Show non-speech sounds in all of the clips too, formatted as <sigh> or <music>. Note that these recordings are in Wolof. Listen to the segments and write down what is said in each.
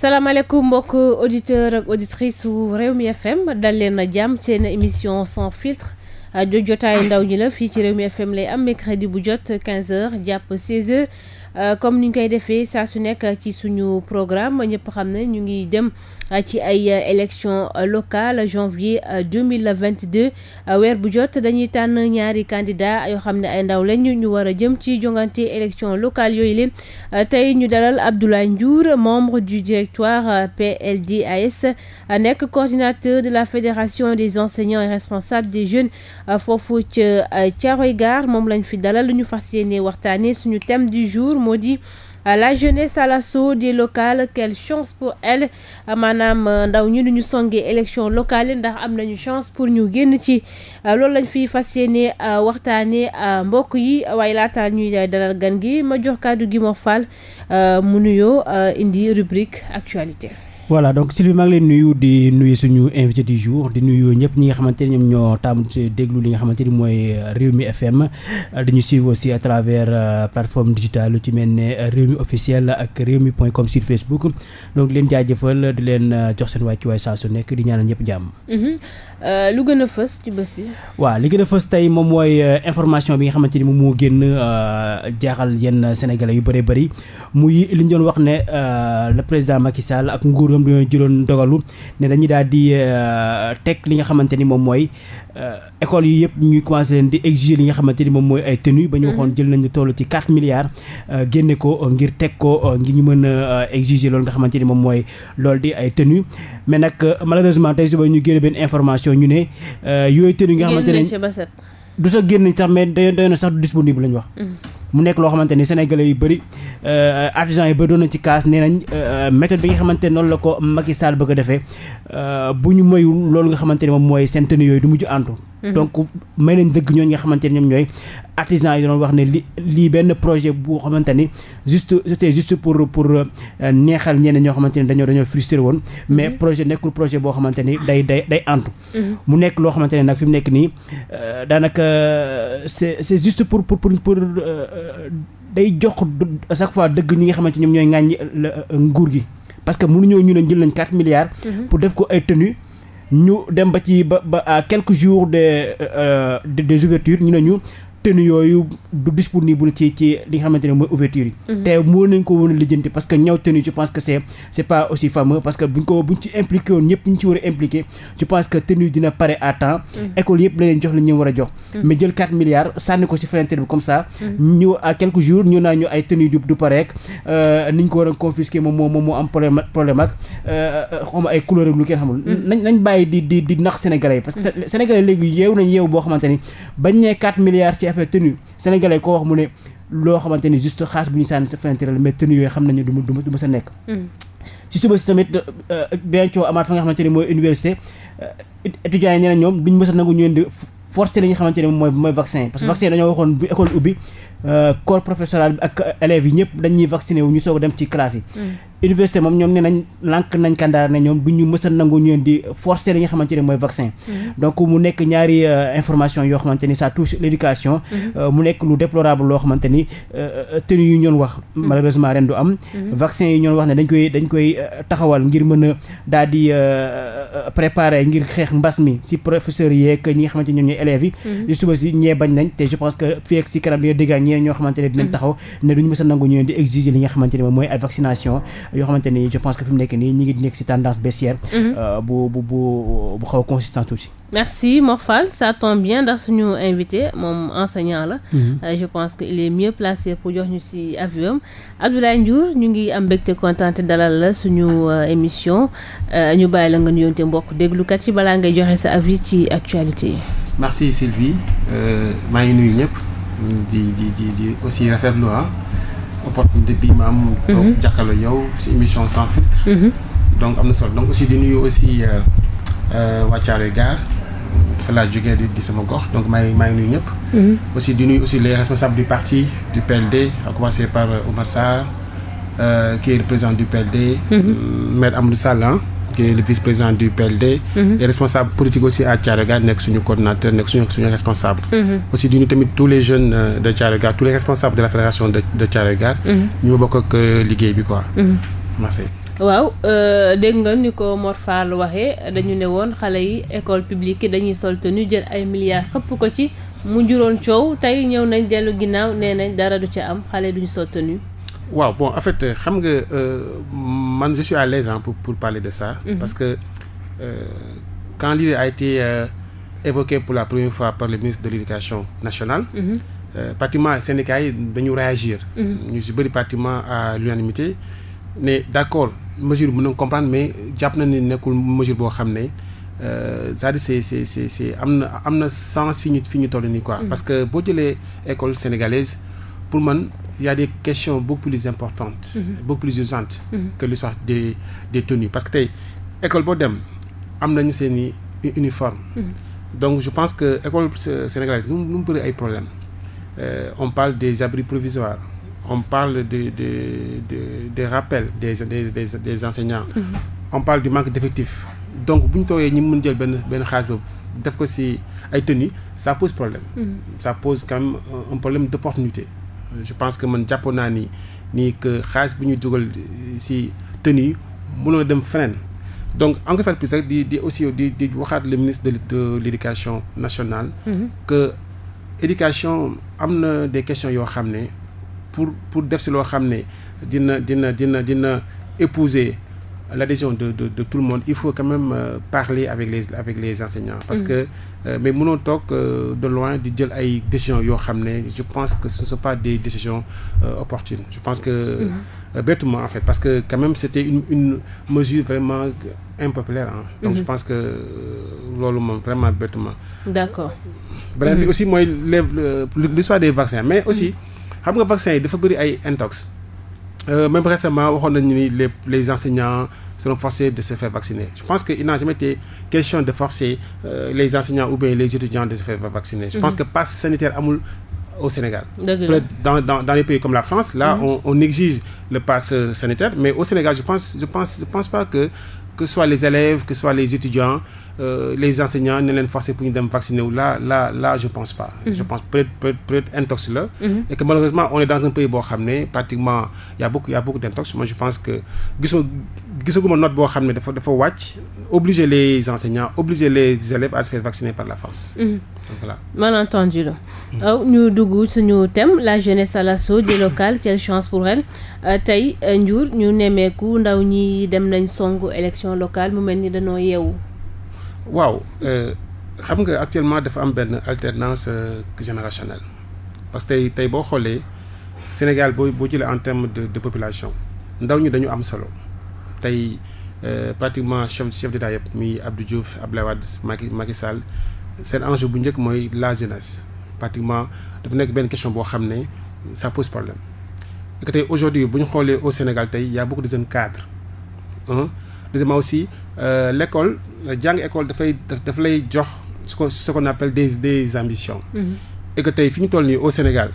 salaamaaleykum mbokk auditeur ak auditrice su Rewmi FM dal leen a jàmm seen émission sans filtre jo jotaay ndaw ñi la fii ci Rewmi FM lay am mercredi bu jot 15h jàpp 16h euh, comme ni ñu koy defee saa su nekk ci suñu programme ñëpp xam ne ñu ngi dem. ci ay euh, élections euh, locales janvier euh, deux vingt deux weer bu jot dañuy tànn ñaari candidat yoo xam ne ay ndaw lañu ñu war a jëm ci jongante élections locales yooyu li tey ñu dalal Abdoulaye Ndiour membre du directoire PLDAS nekk coordinateur de la fédération des enseignants et responsables des jeunes foofu ca Thiaroye moom lañ fi dalal lu ñu fas yéene waxtaanee suñu thème du jour moo di. la jeunesse à l'assaut des locales quelle chance pour elle maanaam euh, ndaw ñu nu ñu songee élection locale ndax am nañu chance pour ñu génn ci euh, loolu lañ fiy fas yéene euh, waxtaanee mbokk yi waaye laata ñuy dalal gan gi ma jox kàddu gi Mor Fall mu nuyoo indi rubrique actualité. voilà donc Sylvie maa ngi leen nuyu di nuyu suñu invité du jour di nuyu ñëpp ñi nga xamante ni ñoom ñoo taamu déglu li nga xamante ni mooy Rewmi FM dañu suivre aussi à travers euh, plateforme digitale lu ci mel ne Rewmi officiel ak Rewmi point com sur Facebook donc leen jaajëfal di leen euh, jox seen wàccuwaay saa su nekk di ñaanal ñëpp jàmm. Mm-hmm. Euh, lu gën a fës ci bés bi. waaw li gën a fës tey moom mooy information bi nga xamante ni moom moo génn jaaxal yenn sénégalais yu bëree bëri li ñu doon wax ne le président ñoom dañoo jëloon dogalu ne dañuy daal di euh, teg li nga xamante ni moom mooy euh, écoles yi yëpp ñuy commencé leen di exiger li nga xamante ni moom mooy ay tenues ba ñu mhm. waxoon jël nañu toll ci 4 milliards euh, génne ko ngir teg ko ngir ñu mën a exiger loolu nga xamante ni moom mooy loolu di ay tenues mais nag malheureusement tey suba ñu génne benn information ñu ne yooyu tenues yi nga xamante ne du sa génn sax mais dayoon na sax disponible lañ wax mhm. mu nekk loo xamante ni sénégalais yu bëri euh, artisans yi ba doon nañ ci kaas nee nañ euh, méthode bi nga xamante ne noonu la ko Macky Sall bëgg a defee euh, bu ñu moyul loolu nga xamante ne moom mooy seen tenue yooyu du mujj àntu Mhm. donc may nañ dëgg ñooñu nga xamante ne ñoom ñooy artisans yi wax ne lii benn projet boo xamante ni juste c'était juste pour pour euh, neexal ñeneen ñoo xamante ni dañoo dañoo frustré woon mhm. mais projet nekkul projet boo xamante ni day day day antu mhm. mu nekk loo xamante ne nag fi mu nekk nii euh, daanaka euh, c'est c'est juste pour pour pour pour day jox à chaque fois dëgg ñi nga xamante ñoom ñooy ŋàññi nguur gi parce que mënuñoo ñu ne jël lañ 4 milliards pour def ko ay tenues ñu dem ba ci ba ba à quelques jours des euh, euh, des ouvertures ñu ne ñu tenue yooyu du disponible ci ci li nga xamante ne mooy ouverture yi mhm. te moo nañ ko woon a lijjanti parce que ñaw tenue je pense que c'est pas aussi fameux parce que buñ ko buñ ci impliqué woon ñëpp ñu ci war a impliqué je pense que tenue dina pare à temps mhm. école yëpp leen jox la war a jox mhm. mais jël 4 milliards sànni ko ci fenêtre bi comme ça ñu à quelques jours ñu naa ñu ay tenue du du pareek euh, niñ ko war a confisqué moom moo am problème euh, affaire tenue sénégalais koo wax mu ne loo xamante ni juste xaalis bu ñu sànni fenêtre la mais tenue yooyu xam nañu du ma sa nekk mm. ci suba si tamit euh, benn amaat fa nga xamante ni mooy université euh, étudiants yi nee na ñoom duñ mës a nangu ñu leen di forcé li nga xamante ni mooy mooy vaccin parce que mm. vaccin dañoo waxoon bu école ubbi euh, corps professoral bi ak élèves yi ñëpp dañuy vacciné ñu soog dem ci classe yi mm. université moom ñoom ne nañ lànk nañ kandaar ne ñoom du ñu mës a nangu ñu leen di forcer li nga xamante ne mooy vaccin mm-hmm. donc mu nekk ñaari euh, information yoo xamante ni ça touche l'éducation mm-hmm. euh, mu nekk lu déplorable loo xamante ni euh, tenu yu ñoon wax mm-hmm. malheureusement ren du am vaccin yi ñoon wax ne dañ koy dañ koy taxawal ngir mën a daal di préparer ngir xeex mbas mi ci professeurs yi ak ñi nga xamante ñoom ñooy élèves yi li suba si ñee que fii ak ne dinañ taxaw ne a nangu ñu leen di li nga xamante ne mooy ay vaccination yoo xamante ni je pense que fi mu nekk nii ñi ngi nekk ci tendance baissière. Mhm. Euh, bu bu bu bu xaw a consistance tuuti. merci Mor Fall ça tombe bien ndax suñu invité moom enseignant la. Mhm. Euh, je pense que il est mieux placé pour jox ñu ci avis am Abdoulaye Ndiour ñu ngi am mbégte kontaan te dalal la suñu euh, émission ñu bàyyi la nga nuyoonte mbokk déglukat yi balaa ngay joxe sa avis ci actualité yi. merci Sylvie maa ngi nuyu ñëpp di di di di aussi rafetlu ah. opportunité bi ma am. Mhm. donc yow si émission sans filtre. Mhm. donc am na solo donc aussi dinuy aussi euh, euh, waa Thiaroye Gare fa laa jógee di sama gox donc maa ngi maa ngi nuyu ñëpp. Mhm. aussi di aussi les responsables du parti du PLD a commencer par Omar Sarr euh, qui est le président du PLD. maître Amadou Sall qui est le vice-président du PLD. Mhm. et responsable politique aussi à Thiaroye Gare nekk suñu coordinateur nekk suñu suñu responsable. Mhm. aussi di ñu tamit tous les jeunes euh, de Thiaroye Gare tous les responsables de la fédération de de Thiaroye Gare. Mhm. ñu bokk ak euh, liggéey bi quoi. merci. waaw euh, dégg nga ni ko Mor waxee dañu ne woon xale yi école publique dañuy sol tenue jël ay milliards xëpp ko ci mu juróon coow tey ñëw nañ dellu ginnaaw nee nañ dara du ci am xale duñu waaw bon en fait xam nga euh, man je suis à l'aise pour pour parler de ça. Mm-hmm. parce que euh, quand l'idée a été euh, pour la première fois par le ministre de l'éducation nationale. Mm -hmm. euh, pratiquement syndicats yi dañu réagir. Mm-hmm. ñu si bëri pratiquement à l'unanimité mais d'accord mesure bu na comprendre mais jàpp na ni nekkul mesure boo xam ne euh, c'est-à-dire si si am na am na sens fi ñu fi ñu toll nii quoi. Mm-hmm. parce que boo jëlee école sénégalaise pour man. il y question des questions beaucoup plus importantes. Mm-hmm. beaucoup plus urgentes. Mm-hmm. que l'histoire des des tenues parce que tey école boo dem am nañu seeni uniforme. Mm-hmm. donc je pense que école sénégalaise nu mu bëri ay problèmes euh, on parle des abris provisoires. on parle des des des des rappels des des des des enseignants. Mm -hmm. on parle du manque d'effectifs. donc bu ñu toogee ñi mën jël benn benn xaalis boobu def ko ci ay tenues ça pose problème. Mm -hmm. ça pose quand un problème d'opportunité. je pense que man jàppoon naa ni nii que xaalis bu ñu dugal si tenue mënoo dem feneen donc encore une fois plus rek di di aussi di di waxaat le ministre de l'éducation nationale mm-hmm. que éducation am na des questions yoo xam ne pour pour def si loo xam ne dina dina dina dina épouser l'adhésion de, de, de tout le monde il faut quand même euh, parler avec les les enseignants parce mm. que euh, mais mënoo toog euh, de loin di jël ay décisions yoo xam ne je pense que ce ne sont pas des décisions opportunes je pense que mm-hmm. bêtement en fait parce que quand même c'était une une mesure vraiment impopulaire ah donc je mm-hmm. pense que loolu moom vraiment bêtement d'accord beneen bi mm-hmm. aussi mooy les l'histoire des vaccins mais aussi xam nga vaccin yi dafa bëri ay intox Euh, même récemment waxoon nañu ni les les enseignants seront forcés de se faire vacciner je pense que il n'a jamais été question de forcer euh, les enseignants ou bien les étudiants de se faire vacciner je pense mhm. que passe sanitaire amul au Sénégal peut-être dans, les pays comme la France là mhm. on exige le passe sanitaire mais au Sénégal je pense pas que que ce soit les élèves que ce soit les étudiants euh, les enseignants ne leen forcer pour ñu dem vacciner wu là là là je pense pas mhm. je pense peut peut peut intox la mm -hmm. et que malheureusement on est dans un pays boo xam ne pratiquement y a beaucoup y a beaucoup moi je pense que gisuma gisaguma note boo xam ne dafa dafa wàcc obliger les enseignants obliger les élèves à se faire vacciner par la France mm la aw ñu dugg suñu thème la jeunesse à l'assaut des <coughs> locales quelle élection locale mu mel ni danoo yeewu. waaw euh, xam nga actuellement dafa am benn alternance euh, générationnelle parce que tey boo xoolee Sénégal boo boo jëlee en terme de de population ndaw ñi dañu am solo tey euh, pratiquement chef chef d'état yëpp mi Abdou Diouf Abdoulaye Wade Macky Macky Sall seen enjeu bu njëkk mooy la jeunesse pratiquement dafa nekk benn question boo xam ne ça pose problème que tey aujourd'hui bu ñu xoolee au Sénégal tey y a beaucoup de jeunes cadres deuxièmement aussi euh, l' école euh, jàng école dafay daf lay jox ce que ce qu'on appelle des des ambitions. Mm que tey fi ñu toll nii au Sénégal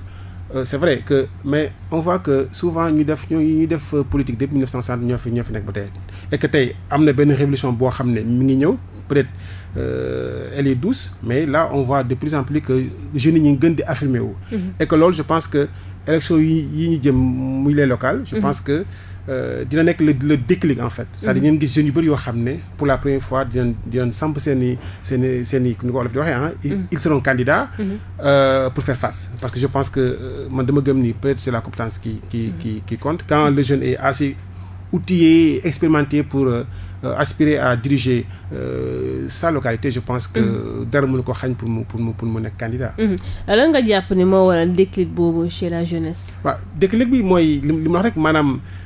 euh, c' vrai que mais on voit que souvent ñu def ñoo ñu def euh, politique depuis ñoo fi ñoo fi nekk ba tey et que tey am na benn révolution boo xam ne mi ngi ñëw peut-être. Euh, elle est douce mais là on voit de plus en plus que jeunes yi ñu gën di affirmer wu. Mhm. et que loolu je pense que élection yi yi ñu jëm muy les locale je mhm. pense que Euh, dina nekk le le déclic en fait. c'est-à-dire mm-hmm. ngeen gis jeunes yu bëri yoo xam ne pour la première fois dinañ dinañ samp seen i seen i seen i ni ko olof di waxee ah. Mm-hmm. ils seront candidats. Mm-hmm. Euh, pour faire face parce que je pense que euh, man dama gëm ni peut-être c'est la compétence qui qui qui qui compte quand le jeune est assez outillé expérimenté pour. Euh, aspirer à diriger euh, sa localité je pense que dara mënu ko xañ pour mu pour mu pour mu nekk candidat. lan nga jàpp ni moo waral déclic boobu chez la jeunesse.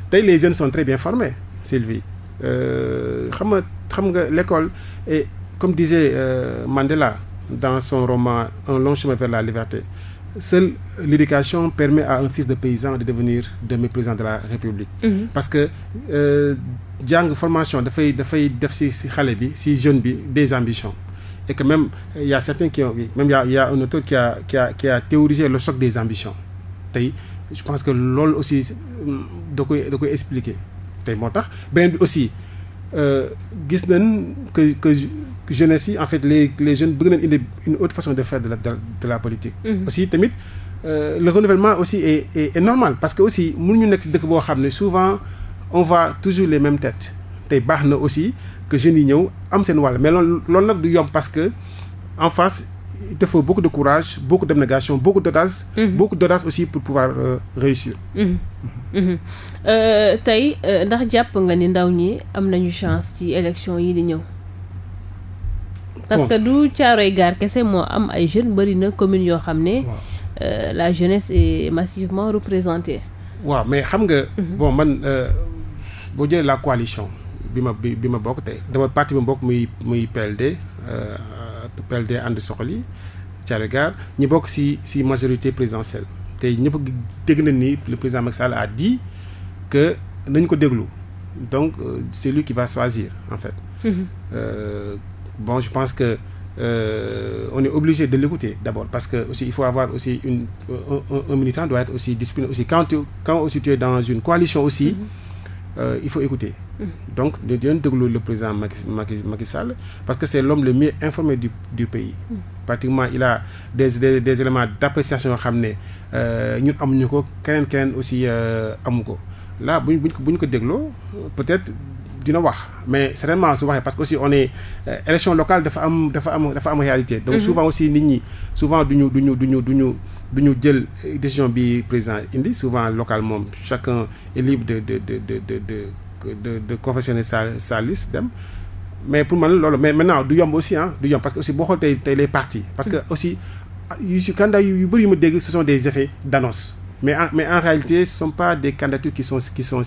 tey les jeunes sont très bien formés Sylvie euh, xam nga xam nga l'école et comme disait euh, Mandela dans son roman Un long chemin vers la liberté seule l'éducation permet à un fils de paysan de devenir demi président de la République mm -hmm. parce que euh, jàng formation dafay dafay def ci ci xale bi ci jeune bi des ambitions e que même il y a certains qui ont même il un auteur qui a qui le choc des ambitions je pense que lool aussi euh, da koy da koy expliquer tey moo tax beneen bi aussi euh, gis nañ que que jeunesse yi en fait le jeune jeunes bëgg nañ indi une autre façon de faire de la de la politique. Mhm. aussi tamit euh, le renouvellement aussi est est normal parce que aussi ñu nekk si dëkk boo xam ne souvent on voit toujours les mêmes têtes tey baax na aussi que jeunes yi ñëw am seen wàll mais loolu nag du yomb parce que en face. il faut beaucoup de courage, beaucoup d'abnégation, beaucoup d'audace, mm -hmm. beaucoup d'audace aussi pour pouvoir euh, réussir. Mhm. Mhm. Euh, tey euh, ndax jàpp nga ni ndaw ñi am nañu chance ci élection yi di ñëw. parce que du caaroy gaar kese moo am ay jeunes bëri na communes yoo xam ne. Euh, la jeunesse est massivement représentée. waaw mais xam nga. Mhm. bon man boo jëlee la coalition bi ma bi ma bokk tey dama parti bi ma bokk muy muy PLD. Euh, PLD ànd soxali Thiaré Gare ñu bok si si majorité présidentielle tey ñëpp dégg na ni le président Macky Sall a dit que nañ ko déglu donc euh, c'est lui qui va choisir en fait. Mm -hmm. je pense que euh, on est obligé de l'écouter d'abord parce que aussi il faut avoir aussi une un, militant doit être aussi discipliné aussi quand tu, quand dans une coalition aussi. Mm-hmm. euh, il faut écouter. Mmh. donc di leen déglu le président Macky Macky Macky Sall parce que c'est l'homme le mieux informé du du pays. Mmh. pratiquement il a des des, des éléments d'appréciation yoo xam ne euh, ñun amuñu ko keneen keneen aussi euh, amu ko là buñ buñ ko buñ ko dégloo peut-être. dina wax mais certainement su waxee parce que aussi on est euh, élection locale dafa am dafa am dafa am réalité donc mm-hmm. souvent aussi nit ñi souvent duñu duñu duñu duñu du ñu jël décision bi président indi souvent local moom chacun élive libre de de de de de de sa sa liste dem mais pour man loolu mais maintenant du yomb aussi ah du yomb parce que aussi boo xool tey tey les partis. parce que aussi ah, yu si candidat yu bëri yu ma dégg ce sont des effets d'annonce mais en mais en réalité ce sont pas des candidatures qui sont qui sont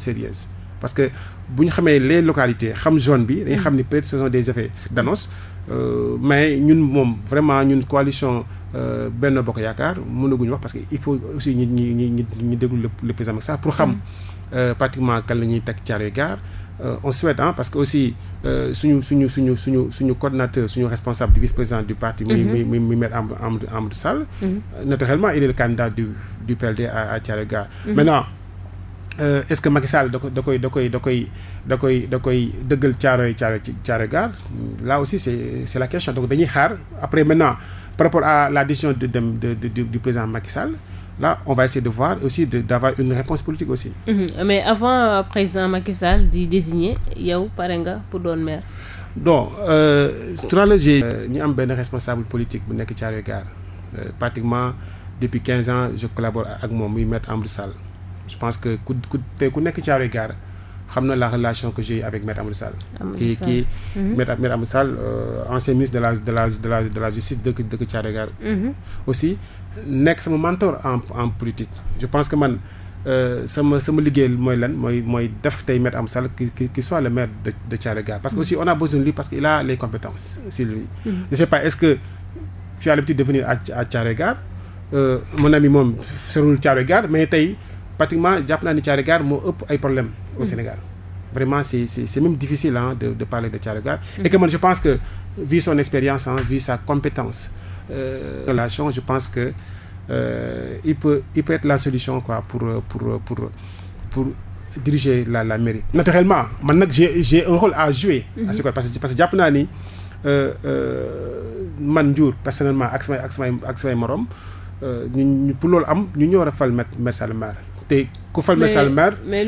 parce que bu ñu xamee les localité xam zone bi dañuy mm. xam ni peut-être ce sont des effets d'annonce euh, mais ñun moom vraiment ñun coalition. Euh, benn bokk yaakaar mënaguñu wax parce que il faut aussi ñi ñi ñi ñi déglu le le président Macky Sall pour xam mm. euh, pratiquement kan la ñuy teg Thiaroye Gare euh, on souhaite ah parce que aussi suñu suñu suñu suñu suñu coordinateur suñu responsable du vice président du parti. muy muy mm-hmm. muy muy maître Amadou Amadou Sall. Mm-hmm. naturellement il est le candidat du du PLD à à Thiaroye Gare. Mm-hmm. maintenant est-ce que Macky Sall da ko da koy da koy da koy da koy da koy dëggal Thiaroye Thiaroye Thiaroye Gare là aussi c'est c'est la question donc dañuy xaar après maintenant. par rapport à la décision de, de, de, du président Macky Sall, là, on va essayer de voir aussi d'avoir une réponse politique aussi. Mm -hmm. Mais avant euh, président Macky Sall di désigner yow pare nga pour doon maire. donc tout à l'heure j'ai ñu am benn responsable politique bu nekk Thiaroye Gare euh, pratiquement depuis quinze ans je collabore ak moom muy maître Amadou Sall je pense que ku ku ku nekk Thiaroye Gare. xam na la relation que j'ai avec maître Amadou Sall kii mm-hmm. euh, ministre de la de la de la de la justice dëkk dëkk Thiaroye mm-hmm. aussi nekk sama mentor en en politique je pense que man euh, sama sama liggéey mooy lan mooy mooy def tey maître Amadou Sall qui qui soit le maire de de parce que mm-hmm. aussi on a besoin de lui parce que il a les compétences si lui je sais pas est que tu as l'habitude de venir à à Thiaroye Gare euh, mon ami moom serul Thiaroye mais tey pratiquement jàpp naa ni Thiaroye moo ëpp ay problème au Sénégal vraiment c'est c'est c'est même difficile hein de de parler de Thiaroye Gare mm-hmm. et que man je pense que vu son expérience vu sa compétence euh, relation je pense que euh, il peut il peut être la solution quoi pour pour pour pour diriger la la mairie naturellement man nag j'ai j'ai un rôle à jouer à ce quoi parce que parce que jàpp naa ni euh, euh, man Ndiour personnellement ak samay ak samay ak morom ñu pour loolu am ñu ñoo war a fal maire Sall maire te ku fal maire Sall maire mais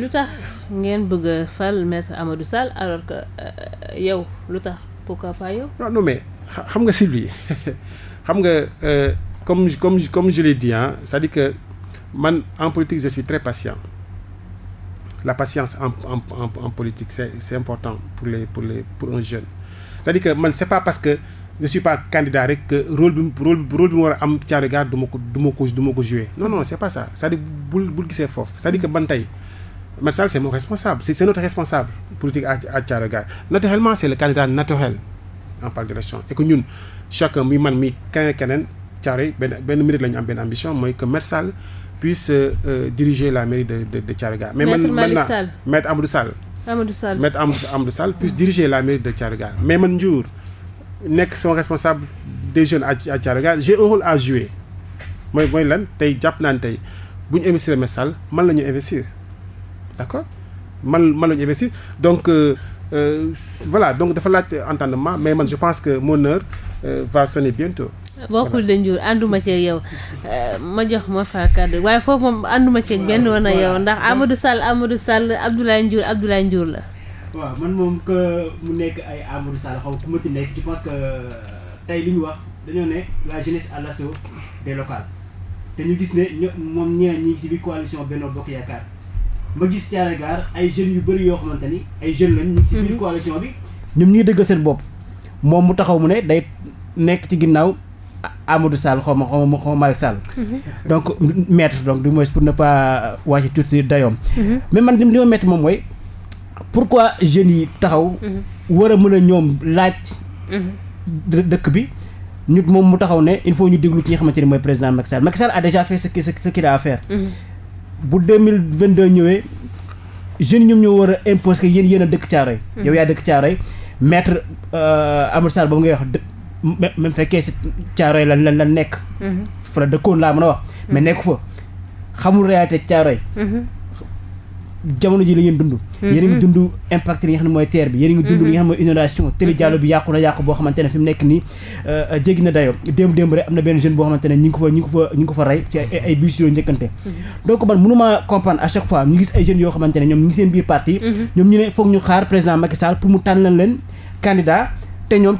ngeen bëgg a fal maître Amadou Sall alors que euh, yow lu tax pourquoi pas yow. non non mais xam nga Sylvie <laughs> xam nga euh, comme comme comme je l'ai dit ah cest dire que man en politique je suis très patient la patience en en politique c'est important pour les pour les pour un jeune c'est-à-dire que man c'est pas parce que. je suis pas candidat rek que rôle bi rôle rôle bi mu war a am Thiaroye Gare du ma ko du ma ko du ma ko jouer non non c'est pas ça cest dire bul bul gisee foofu c'est-à-dire que man Macky Sall c'est mon responsable c'est c'est notre responsable politique à à Thiaroye Gaye naturellement c'est le candidat naturel en parle d'élection et que ñun chacun muy man mi keneen keneen Thiaroye benn benn mérite la ñu am benn ambition mooy que Macky Sall puisse euh, diriger la mairie de de de Thiaroye Gaye mais man maintenant maître Amadou Sall Amadou Sall maître Amadou Sall puisse diriger la mairie de Thiaroye Gaye mais man Ndiour nekk son responsable des jeunes à à Thiaroye Gaye j'ai un rôle à jouer mooy mooy lan tey jàpp naa ne tey bu ñu investir Macky Sall man la ñu investir d'accord man man la ñu investir donc euh, euh, voilà donc dafa laaj entendement mais man je pense que mon heure euh, va sonner bientôt. bokkul de Ndiour ànduma ceeg yow ma jox ma faa kàddu waaye foofu moom ànduma ceeg benn woon na yow ndax Amadou Sall Amadou Sall Abdoulaye Ndiour Abdoulaye Ndiour la. waaw man moom que mu nekk ay Amadou Sall xaw ku ma ci nekk je pense que tey li ñu wax dañoo ne la jeunesse à l'assaut des locales te ñu gis ne ñoom ñeneen ñi ci biir coalition Benno Bokk Yaakaar. ma gis Thiaroye Gare ay jeunes yu bëri yoo xamante ni ay jeunes lañ. ñu ngi si mhm. coalition bi. ñoom ñuy dëgg seen bopp moom mu taxaw mu ne day nekk ci ginnaaw Amadou Sall xaw ma xaw ma xaw ma Malick Sall. Mhm. donc maître donc du moins pour ne pas wàcc tuuti dayoom. Mhm. man li moom mooy pourquoi jeunes yi taxaw. war a mën a ñoom laaj. dëkk bi. nit moom mu taxaw ne il ñu déglu ki nga xamante ni mooy président Macky Sall Macky Sall a déjà fait ce qu'il a à faire. bu deux mille vingt deux ñëwee jeunes ñoom ñoo war a imposer que yéen yéen a dëkk Thiaroye. Hmm. yow yaa dëkk Thiaroye maître euh, Amadou Sarr boobu ngay wax dë même fekkee si Thiaroye lan la la nekk. Hmm. fa la dëkkoon laa mën a wax. Hmm. mais nekk fa xamul réalité Thiaroye. jamono ji la ngeen dund mm-hmm. yéen a ngi dund impact li nga xam ne mooy terre bi yéen a ngi dund mm-hmm. li nga xam ne mooy inondation mm-hmm. tëli jàllo bi yàqu na yàqu boo xamante ne nekk nii euh, jéggi na dayo démb démb rek am na benn jeune boo xamante ne ñi ngi ko fa ñi ngi ko fa ñi ngi ko fa rey ci ay bus yooyu njëkkante donc man mënuma comprendre à chaque fois ñu gis ay jeunes yoo xamante ne ñoom ñi ngi seen biir parti ñoom ñu ne foog ñu xaar président Macky Sall te ñoom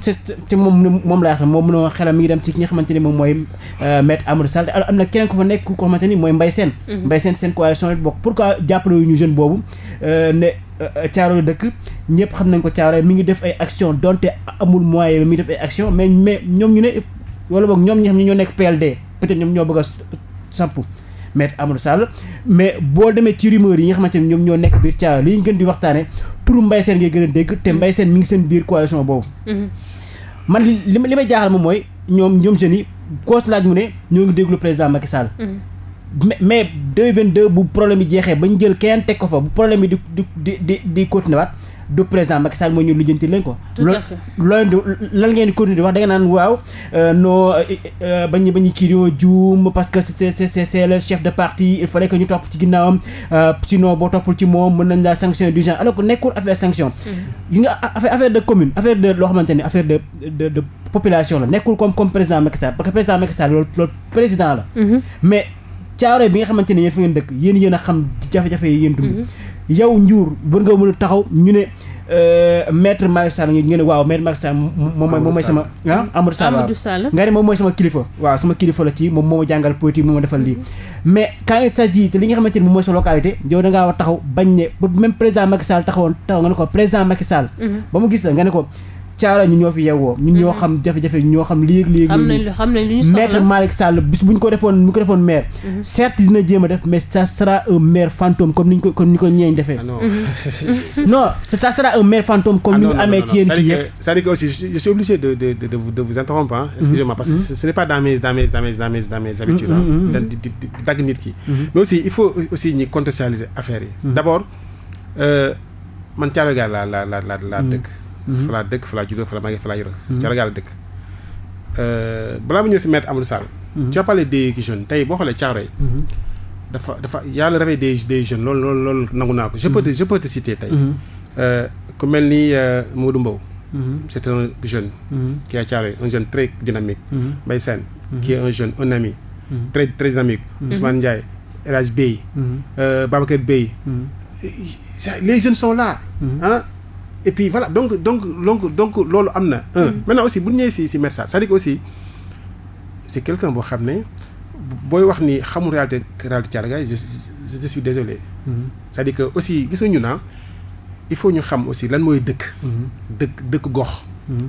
te moom moom laa xam moom munoo xelam mi ngi dem ci ki nga xamante ni moom mooy euh, maître Amadou Sall am na keneen ku fa nekk ku ko xamante ni mooy Mbaye Sène mhm. Mbaye Sène seen coalition la bokk pourquoi jàppale yu ñu jeune boobu euh, ne caaro euh, dëkk ñëpp xam nañ ko caaro mi ngi def ay action donte amul moyen mi ngi def ay action mais mais ñoom ñu ne wala boog ñoom ñi xam ñoo nekk PLD peut-être ñoom ñoo bëgg a samp maître amul saal mais boo demee ci rumeur yi nga xamante ne ñoom ñoo nekk biir Thiaroye li ñu gën di waxtaane pour Mbaye Sène ngay gën a dégg te mm-hmm. Mbaye seen mi ngi seen biir coalition boobu mm-hmm. man li li may jaaxal moom mooy ñoom ñoom jeunes yi koos laaj mu ne ñoo ngi déglu président Macky Sall mm-hmm. mais mais 2022 bu problème bi jeexee ba ñu jël kenn teg ko fa bu problème yi di di di di continuer waat du président Macky Sall ñu lijjanti leen ko. tout à fait loolu lan ngeen di continuer wax da naan waaw euh, non ba ñu ba ñu parce que c'est c'est c'est chef de parti il fallait que ñu topp ci ginnaawam euh, sinon boo toppul ci moom mën nañ laa sanction du genre alors que nekkul affaire sanction. Mm-hmm. gis nga affaire affaire de commune affaire de loo xamante ne affaire de de de la nekkul comme président Macky parce que président Macky loolu loolu président caaro bi nga xamante ne yéen fa ngeen dëkk yéen yéen a xam jafe-jafe yi yéen dund mhm. yow njuur bër nga mën a taxaw ñu ne euh, maître Malick Sall ñu ne waaw maître Malick Sall moom mooy moom mooy ah, nga ne moom mooy sama kilifa waaw sama kilifa la ci moom moo jàngal politique moo ma defal lii mhm. mais quand il s'agit te li nga xamante ni moom mooy sa localité yow da ngaa war taxaw bañ ne même président Macky Sall taxawoon taxaw nga ne ko président Macky saal mhm. ba mu gis la nga ne ko caara ñu ñoo fi yewoo mhm. ñun ñoo xam jafe-jafe ñoo xam léegi léegi maître Malick Sall bis bu ñu ko defoon bu ko defoon maire mhm. certes dina jéem a def mais ça sera un maire comme ni ñu ko comme ni ko ñeeñ defee ah non mhm. <laughs> ça sera un maire fantôme comme ah ni mu amee ci yéen kii yëpp c'est-à-dire que aussi je suis obligé de de de vous interrompre excusez-moi parce que ce n'est pas dans mes dans mes dans mes dagg nit ki mais aussi il faut aussi ñi contextualiser affaire yi d'abord euh, man caaro gaar laa la la la laa dëkk fa laa dëkk fa laa juddoo fa laa màggee fa laa yoroo ca Ragall dëkk euh, balaa ma ñëw si maître Amadou Sall mhm. tu as parlé des jeunes tey boo xoolee Thiaroye mhm. dafa dafa yàlla réveil des des jeunes loolu loolu loolu nangu naa ko je peux te mhm. je peux te euh, ku mel ni euh, Modou Mbow c'est un jeune qui a Thiaroye un jeune très dynamique Mbaye Sène qui un jeune un ami très très dynamique Ousmane Ndiaye El Hadj Bey Babacar Bey les jeunes sont et puis voilà donc donc donc donc loolu am na. Mm. maintenant aussi bu ñëwee si si Mersa cest aussi c'est quelqu'un boo xam ne booy wax ni xamul réalité réalité Thiaragaye je je suis désolé. Mm-hmm. cest di que aussi gis nga naa il faut ñu xam aussi lan mooy dëkk. Mm-hmm. dëkk dëkk gox. Mm-hmm.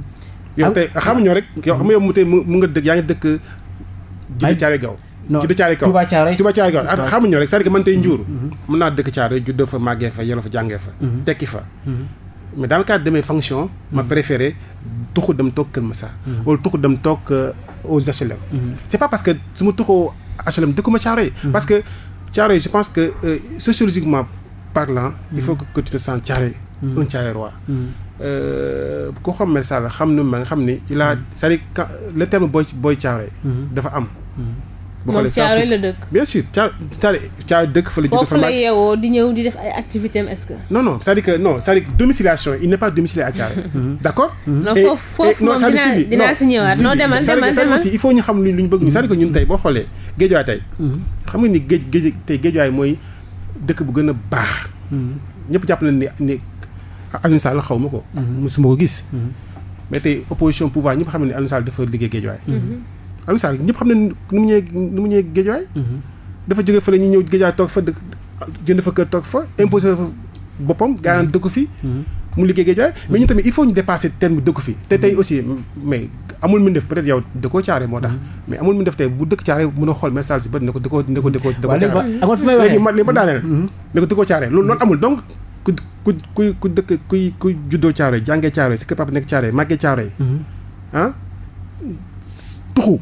yow ah tey xamuñoo rek yow xam nga yow mu tey mu nga dëkk yaa ngi dëkk. jiddu caare gaw jiddu caare gaw tuba caare gaw ah xamuñoo rek c'est-à-dire man tey njuur mën naa dëkk caare juddoo fa màggee fa yeloo fa jàngee fa tekki fa mais dans le cadre fonction ma mm-hmm. préféré tuxu dem toog Kër Massar mm-hmm. wala tuxu dem toog euh, aux HLM mm-hmm. c'est pas parce que su ma tuxoo HLM dëkkuma Thiaroye parce que Thiaroye je pense que euh, sociologiquement parlant il faut que tu te sens Thiaroye un Thiaroye ku xam mel Sall xam ne ma nga xam ni il a c'est-à-dire terme booy booy Thiaroye dafa am boo xoolee saa dëkk. fa la. judd foofu la def ay activités am est-ce que. non non c'est-à-dire que non c'est-à-dire domiciliation ñu xam luñ luñ bëgg ñu cest à tey mhm. xam nga ni géej géej tey géejawaay mooy dëkk bu gën a baax. Mhm. ñëpp jàpp nañ ni ni Alioune xaw ma ko. Mhm. mosuma ko gis. mais tey opposition pouvoir ñëpp xam ne Alioune Sall dafa liggéey géejawaay Alioune ñëpp xam ne nu mu ñëwee nu mu ñëwee géejawaay mhm. dafa jóge fële ñëw géejawaay toog fa dëkk jënd fa toog fa imposé fa boppam gaanaan dëkku fi mhm. mu liggéey géejawaay mhm. mais ñu tamit il faut ñu dépasser terme dëkku fi te tey aussi mais amul mu def peut être yow dëkkoo caare moo tax mais amul mu def tey bu dëkk caare mën a xool message si ba dina ko dëkkoo dina ko dëkkoo dëkkoo caare léegi ma ko dëkkoo caare loolu loolu amul donc ku ku ku dëkk kuy ku juddoo caare jàngee caare si kër papa nekk caare màggee caare ah tuxu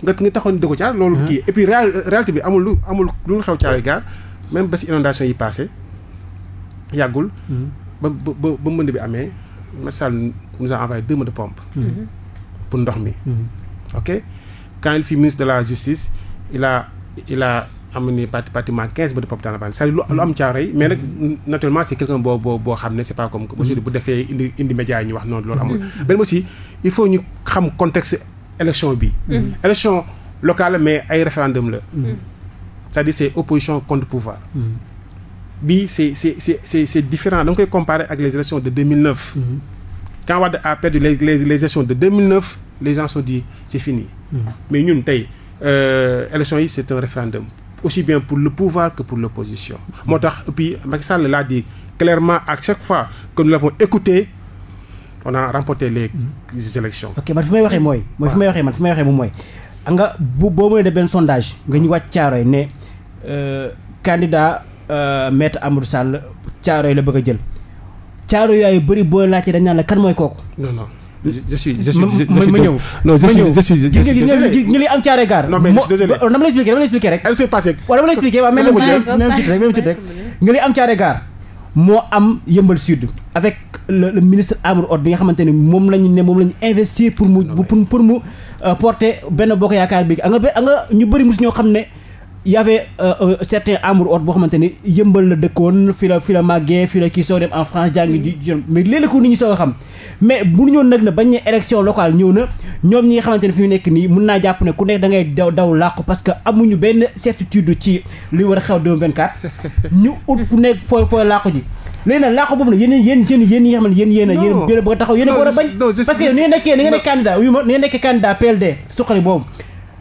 nga nga taxoon dëkku ca loolu mm-hmm. kii et puis réalité bi amul lu amul lu xew Thiaroye Gare même ba si inondation yi passé yàggul mm-hmm. ba ba ba mbënd bi amee Macky Sall nous a envoyé deux mm-hmm. pour ndox mi ok quand il fut ministre de la justice il a il a amené pratiquement quinze mots de pompe la banlieue c'est-à-dire lu am Thiaroye mais nag naturellement c'est boo boo xam ne c'est pas comme aujourd'hui bu defee indi média yi ñu wax noonu loolu amul benn aussi il faut ñu xam contexte élection bi mm-hmm. élection locale mais ay référendum la mm-hmm. c'est-à-dire c'est opposition contre pouvoir mm-hmm. bi c'est c'est c'est c'est c'est différent da nga koy comparer ak les élections de 2009 quand Wade a perdu les les les élections de 2009 les gens sont dit c'est fini mais ñun tey euh, élection yi c'est un référendum aussi bien pour le pouvoir que pour l'opposition moo tax et puis Sall l'a dit clairement à chaque fois que nous l'avons écouté on a remporté les élections. ok man fi may waxee mooy. mooy may waxee man fi may waxee moom mooy. nga bu boo mënee def benn sondage nga ñu wàcc Caaroy ne euh, candidat euh, maître Amadou Sall Caaroy la bëgg a jël Caaroy yaayu bëri boo laajte dañ naan la kan mooy kooku. non ma ñëw non je am Caaroy gaar. dama la expliqué dama la expliqué rek. elle s'est am Caaroy gaar. moo am yëmbal sud avec le, ministre Amadou ot bi nga xamante ni moom la ñu ne moom la ñu investir pour mu pour mu euh, porter benn bokk yaakaar bi a nga a nga ñu bëri mos ñoo xam ne y avait euh, euh, certain Amour Hott boo xamante ne yëmbal la dëkkoon fi la fi la màggee fi la kii soo dem en France jàng ji mais léeg-léeg ko nit ñi soo xam mais bu ñëw nag na bañ ne élection locale ñëw na ñoom ñi nga xamante ne fi mu nekk nii mun naa jàpp ne ku nekk da ngay daw daw làqu parce que amuñu benn certitude ci luy war a xew 2024 <laughs> ñu ut ku nekk fooy fooy làqu ji léegi nag làqu boobu nag yéen yéen jeunes yéen ñi nga xam ne a yéen bëgg a taxaw yéen a bañ parce ni nga nekkee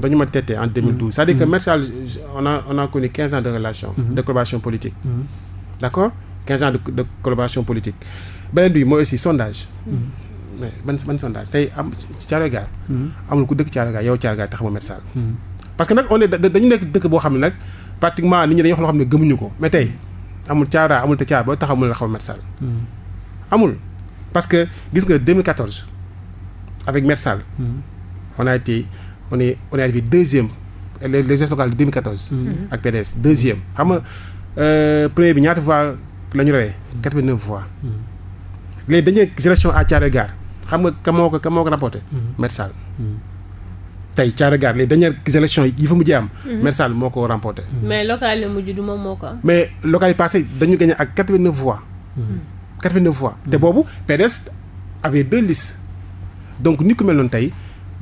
dañu ma tete en 2012. c'est-à-dire que Mersal mm-hmm. on a on a ans de relation. Mm-hmm. de collaboration politique. Mm-hmm. d'accord 15 ans de de collaboration politique. beneen bi mooy aussi sondage. ban sondage tey am Thiaroye Gare. amul ku dëkk Thiaroye Gare yow Thiaroye Gare taxawu Mersal. parce que nag on est dañu nekk dëkk boo xam ne nag pratiquement nit ñi dañuy wax loo xam ne gëmuñu ko mais tey amul Thiaroye amul te Thiaroye ba taxawul la xaw Mersal. amul parce que gis nga 2014 avec Mersal. on est on est arrivé deuxième les les locales de 2014. Mm-hmm. ak PDS deuxième mm-hmm. xam nga euh, premier bi ñaata voix la ñu rawee. 89 mm-hmm. voix. les dernières élections à Thiaroye Gare xam nga ka moo ko ka moo ko rapporté. Maître Sall. tey Thiaroye Gare les dernières élections yi fa mujjee am. Maître moo ko remporté. mais locales yi mujj du moom moo ko am. mais locales yi passé dañu gagné ak 89 voix. 89 voix te boobu PDS avait deux listes donc ni ku mel noonu tey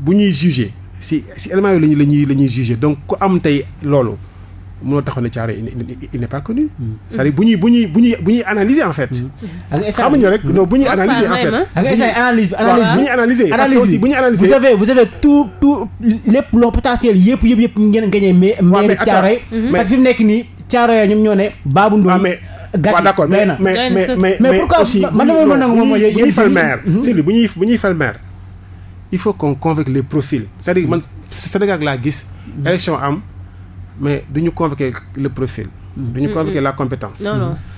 bu ñuy jugé. si si éléments yooyu la ñuy la ñuy jugé donc ku am tey loolu munoo taxaw ne Thiaroye il bu ñuy bu ñuy bu ñuy bu ñuy analyser en fait. xamuñu rek bu ñuy analyser en fait. bu ñuy analyser parce que bu ñuy analyser vous loo yëpp yëpp yëpp ngeen gagné. waaw fi mu nekk nii Thiaroye ñoom ñoo ne Babou Ndoye. waaw d'accord mais mais mais mais aussi. man la ma mën a nangu moom mooy yéen bu ñuy fal maire. c'est bu ñuy bu ñuy il faut qu'on convoque les profils c'est-à-dire man Sénégal laa gis élection am mais ñu convoquer le profil duñu convoquer la compétence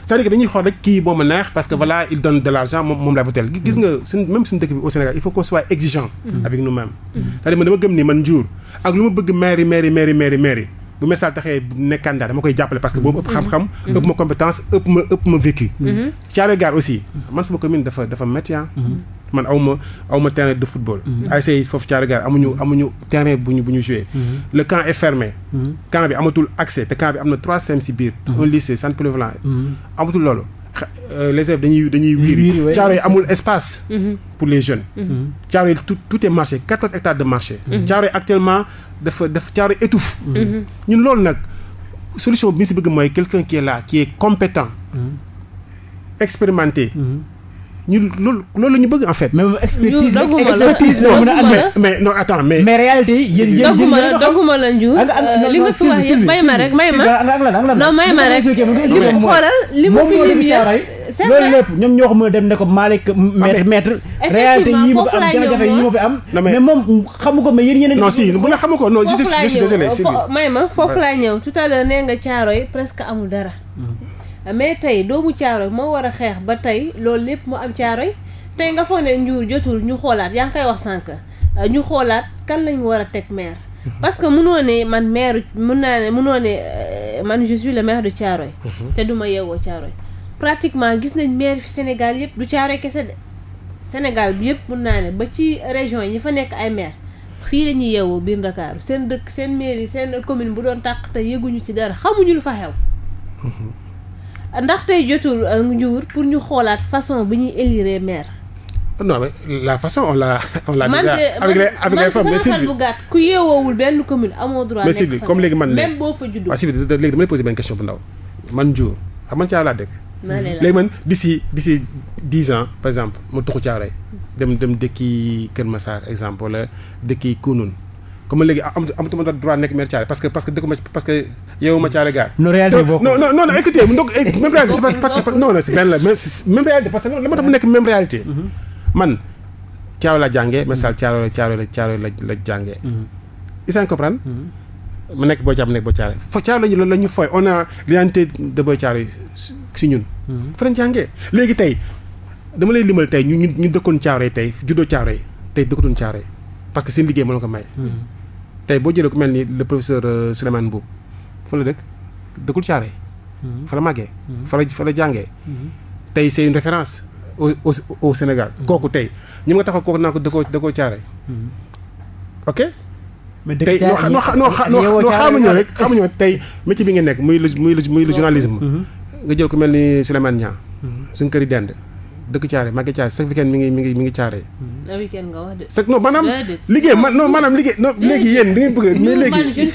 cest dire que dañuy xool rek kii moom a neex parce que voilà il donne de l'argent moom moom la votel gis nga suñ même suñu dëkk bi au Sénégal il faut qu'on soit exigeant mm. avec nous-mêmes mm. c'est-à-dire man dama gëm ni man Ndiour ak lu ma bëgg mairie mairie mairie mairie bu Macky Sall taxee nekk candidat dama koy jàppale parce que boobu ëpp mhm. xam-xam mhm. ëpp ma compétence ëpp ma ëpp ma vécu mhm. Thiaroye Gare aussi man sama commune dafa dafa métti ah. man aw ma terrain de football ASC foofu Thiaroye Gare amuñu terrain bu ñu bu ñu joué le camp est fermé camp bi amatul accès te camp bi am na trois SEM si biir un lycée centre polyvalent amatul loolu euh, les élèves dañuy dañuy wiiri Thiaroye amul espace pour les jeunes Thiaroye tout tout est marché quatorze hectares de marché dafa daf caaro étouffe mhm. ñun loolu nag solution bi ñu si bëgg mooy quelqu'un qui est là qui compétent mhm. expérimenté mhm. ñu loolu loolu la ñu bëgg en fait. mais expertise expertise non mais non attends mais. mais réalité yéen yéen yéen dogguma la Ndiour euh, li nga fi wax yëpp may ma rek may ma non may ma rek xoolal li mu fi lim yëpp c'est vrai loolu lépp ñoom ñoo xam ne dem ne ko Malick ah, maître réalité yii ma fi am jafe-jafe yii ma fi am. mais moom xamu ko mais yéen yéen a. non si bu la xamu ko non je suis désolé. foofu laay ñëw tout à l'heure nee nga Thiaroye presque amul dara. Mm. mais tey doomu Caaroy moo war a xeex ba tey loolu lépp mu am Caaroy tey nga foog ne njuur jotul ñu xoolaat yaa ngi koy wax sànq ñu xoolaat kan lañu war a teg maire. Mhm. parce que mënoo ne man maire mën naa ne mënoo ne euh, man je suis le maire de Caaroy mhm. te du ma yeewoo Caaroy pratiquement gis nañ maire fi Sénégal yëpp du Caaroy kese de Sénégal bi yëpp mën naa ne ba ci région yi fa nekk ay maire fii la ñuy yeewoo biir Ndakaaru seen dëkk seen yi seen commune bu doon tàq te ci dara xamuñu lu fa xew mhm. ndax tey jotul euh, Ndiour pour ñu xoolaat façon bi ñuy élire maire. non mais la façon on l'a on l'a déjà avec les avec ku yeewoowul benn commune amoo droit. mais Sylvie comme léegi man même boo fa juddoo. waaw ah, Sylvie léegi dama lay benn question bu ndaw man Ndiour xam man caa laa dëkk. léegi man d'ici d'ici dix ans par exemple mu tuxu Caaroy dem dem dëkki Kër Massar exemple wala dëkki Kounoune. comme léegi am amatuma droit nekk maire Thiaré parce que parce que dëkk ma parce que yeewu ma Thiaré gaar. non réalité boo non non non écoutez donc même réalité c'est parce que non non c'est benn la même réalité parce que la ma doon nekk même réalité. man Thiaré la jàngee. Messal Thiaré la Thiaré la Thiaré la la jàngee. isaan comprendre. ma nekk boo jàpp nekk boo Thiaré fo Thiaré la ñu fooy on a l'identité de boo Thiaré si ñun. fa lañ jàngee léegi tey dama lay limal tey ñu ñu dëkkoon Thiaré tey juddoo Thiaré tey dëkkatuñ Thiaré parce que seen liggéey moo la ko may. tey boo jëlee ko mel nii le professeur euh, Souleymane Mboup fa la dëkk dëkkul Thiaré. Hmm. fa la màggee. Hmm. fa la fa la jàngee. Hmm. tey c'est une référence au au Sénégal. kooku tey ñu nga taxaw kooku naa ko dëkkoo dëkkoo Thiaré. ok. mais dëkk Thiaré noo xa noo xa noo xaamuñu rek xaamuñu rek tey métier bi nga nekk muy le muy le muy le journalisme. nga jël ko mel ni Souleymane Niang. suñu kër yi dend. dëkk caare màgge caare chaque weekend mi ngi mi ngi mi ngi caare. weekend nga wax liggéey man non maanaam liggéey non léegi yéen da bëgg mais léegi